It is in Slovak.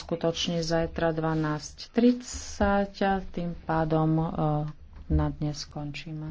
skutočne zajtra 12.30 a tým pádom eh, na dnes skončíme.